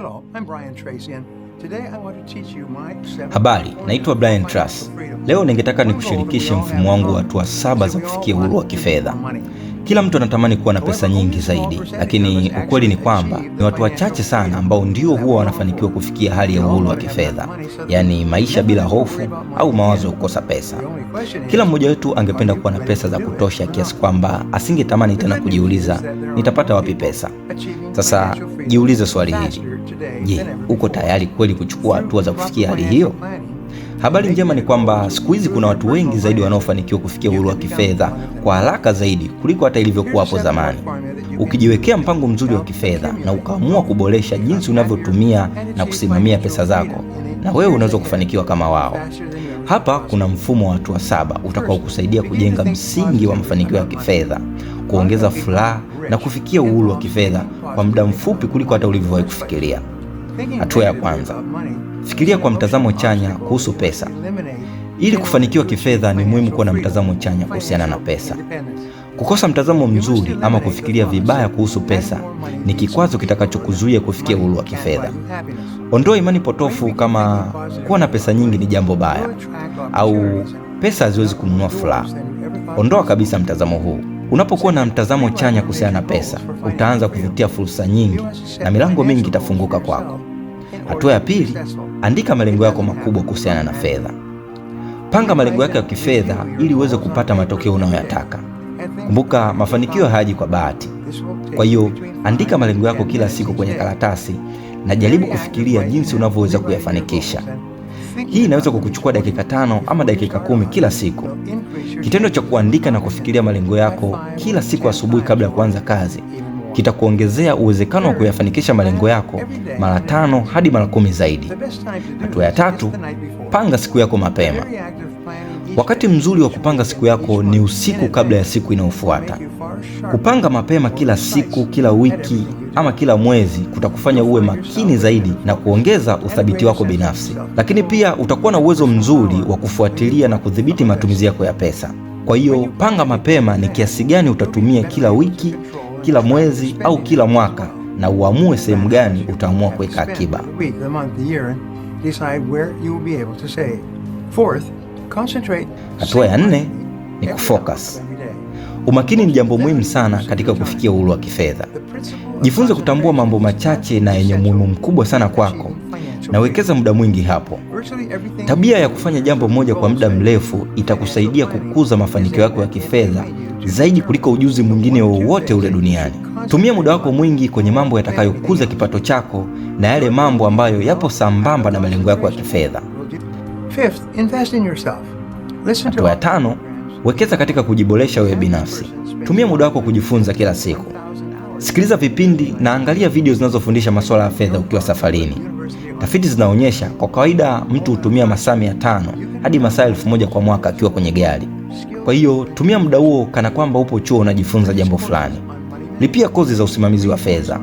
Hello, I'm Brian Tracy and today I want to teach you my... Habari, naitwa Brian Tracy. Leo ningetaka nikushirikishe mfumo wangu wa hatua saba za kufikia uhuru wa kifedha. Kila mtu anatamani kuwa na pesa nyingi zaidi, lakini ukweli ni kwamba ni watu wachache sana ambao ndio huwa wanafanikiwa kufikia hali ya uhuru wa kifedha, yaani maisha bila hofu au mawazo ya kukosa pesa. Kila mmoja wetu angependa kuwa na pesa za kutosha kiasi kwamba asingetamani tena kujiuliza nitapata wapi pesa. Sasa jiulize swali hili: je, uko tayari kweli kuchukua hatua za kufikia hali hiyo? Habari njema ni kwamba siku hizi kuna watu wengi zaidi wanaofanikiwa kufikia uhuru wa kifedha kwa haraka zaidi kuliko hata ilivyokuwa hapo zamani. Ukijiwekea mpango mzuri wa kifedha na ukaamua kuboresha jinsi unavyotumia na kusimamia pesa zako, na wewe unaweza kufanikiwa kama wao. Hapa kuna mfumo wa hatua saba kusaidia kujenga msingi wa mafanikio ya kifedha, kuongeza furaha na kufikia uhuru wa kifedha kwa muda mfupi kuliko hata ulivyowahi kufikiria. Hatua ya kwanza Fikiria kwa mtazamo chanya kuhusu pesa. Ili kufanikiwa kifedha, ni muhimu kuwa na mtazamo chanya kuhusiana na pesa. Kukosa mtazamo mzuri ama kufikiria vibaya kuhusu pesa ni kikwazo kitakachokuzuia kufikia uhuru wa kifedha. Ondoa imani potofu kama kuwa na pesa nyingi ni jambo baya au pesa haziwezi kununua furaha. Ondoa kabisa mtazamo huu. Unapokuwa na mtazamo chanya kuhusiana na pesa, utaanza kuvutia fursa nyingi na milango mingi itafunguka kwako. Hatua ya pili, andika malengo yako makubwa kuhusiana na fedha. Panga malengo yako ya kifedha ili uweze kupata matokeo unayoyataka. Kumbuka, mafanikio hayaji kwa bahati. Kwa hiyo andika malengo yako kila siku kwenye karatasi na jaribu kufikiria jinsi unavyoweza kuyafanikisha. Hii inaweza kukuchukua dakika tano ama dakika kumi kila siku. Kitendo cha kuandika na kufikiria malengo yako kila siku asubuhi kabla ya kuanza kazi kitakuongezea uwezekano wa kuyafanikisha malengo yako mara tano hadi mara kumi zaidi. Hatua ya tatu, panga siku yako mapema. Wakati mzuri wa kupanga siku yako ni usiku kabla ya siku inayofuata. Kupanga mapema kila siku, kila wiki ama kila mwezi kutakufanya uwe makini zaidi na kuongeza uthabiti wako binafsi, lakini pia utakuwa na uwezo mzuri wa kufuatilia na kudhibiti matumizi yako ya pesa. Kwa hiyo panga mapema ni kiasi gani utatumia kila wiki kila mwezi au kila mwaka, na uamue sehemu gani utaamua kuweka akiba. Hatua ya nne ni kufocus. Umakini ni jambo muhimu sana katika kufikia uhuru wa kifedha. Jifunze kutambua mambo machache na yenye umuhimu mkubwa sana kwako nawekeza muda mwingi hapo. Tabia ya kufanya jambo moja kwa muda mrefu itakusaidia kukuza mafanikio yako ya kifedha zaidi kuliko ujuzi mwingine wowote ule duniani. Tumia muda wako mwingi kwenye mambo yatakayokuza kipato chako na yale mambo ambayo yapo sambamba na malengo yako ya kifedha. Hatua ya tano, wekeza katika kujiboresha wewe binafsi. Tumia muda wako kujifunza kila siku. Sikiliza vipindi na angalia video zinazofundisha masuala ya fedha ukiwa safarini. Tafiti zinaonyesha kwa kawaida mtu hutumia masaa mia tano hadi masaa elfu moja kwa mwaka akiwa kwenye gari. Kwa hiyo tumia muda huo kana kwamba upo chuo unajifunza jambo fulani. Lipia kozi za usimamizi wa fedha,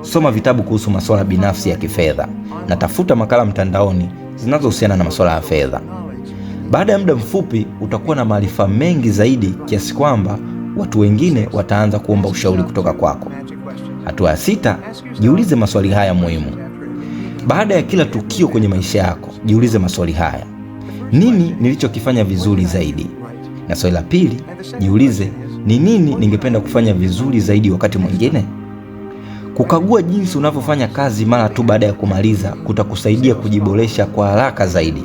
soma vitabu kuhusu masuala binafsi ya kifedha, na tafuta makala mtandaoni zinazohusiana na masuala ya fedha. Baada ya muda mfupi utakuwa na maarifa mengi zaidi kiasi kwamba watu wengine wataanza kuomba ushauri kutoka kwako. Hatua ya sita, jiulize maswali haya muhimu. Baada ya kila tukio kwenye maisha yako, jiulize maswali haya: nini nilichokifanya vizuri zaidi? Na swali la pili, jiulize ni nini ningependa kufanya vizuri zaidi wakati mwingine. Kukagua jinsi unavyofanya kazi mara tu baada ya kumaliza kutakusaidia kujiboresha kwa haraka zaidi.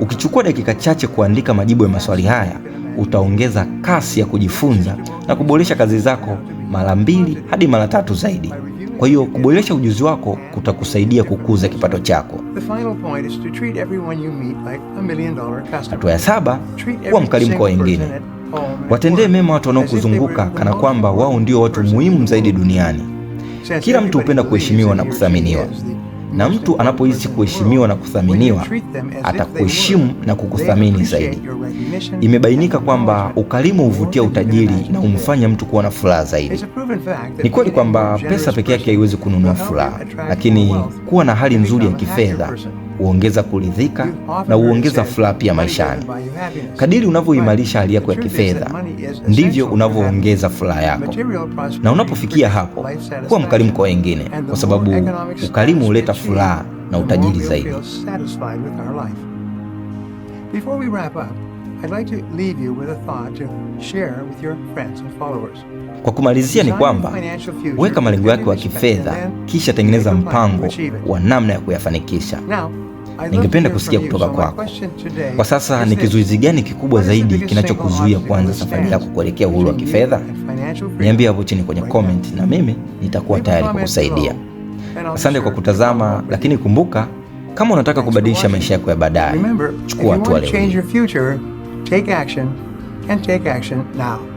Ukichukua dakika chache kuandika majibu ya maswali haya, utaongeza kasi ya kujifunza na kuboresha kazi zako mara mbili hadi mara tatu zaidi. Kwa hiyo kuboresha ujuzi wako kutakusaidia kukuza kipato chako. Hatua ya saba, kuwa mkarimu kwa wengine. Watendee mema watu wanaokuzunguka kana kwamba wao ndio watu muhimu zaidi duniani. Kila mtu hupenda kuheshimiwa na kuthaminiwa na mtu anapohisi kuheshimiwa na kuthaminiwa, atakuheshimu na kukuthamini zaidi. Imebainika kwamba ukarimu huvutia utajiri na humfanya mtu kuwa na furaha zaidi. Ni kweli kwamba pesa peke yake haiwezi kununua furaha, lakini kuwa na hali nzuri ya kifedha huongeza kuridhika na huongeza furaha pia maishani. Kadiri unavyoimarisha hali yako ya kifedha, ndivyo unavyoongeza furaha yako, na unapofikia hapo, kuwa mkarimu kwa wengine, kwa sababu ukarimu huleta furaha na utajiri zaidi. Kwa kumalizia ni kwamba weka malengo yako ya kifedha, kisha tengeneza mpango wa namna ya kuyafanikisha. Ningependa kusikia kutoka kwako. Kwa sasa ni kizuizi gani kikubwa zaidi kinachokuzuia kuanza safari yako kuelekea uhuru wa kifedha? Niambie hapo chini kwenye comment, na mimi nitakuwa tayari kukusaidia. Asante kwa kutazama, lakini kumbuka, kama unataka kubadilisha maisha yako ya baadaye, chukua hatua leo.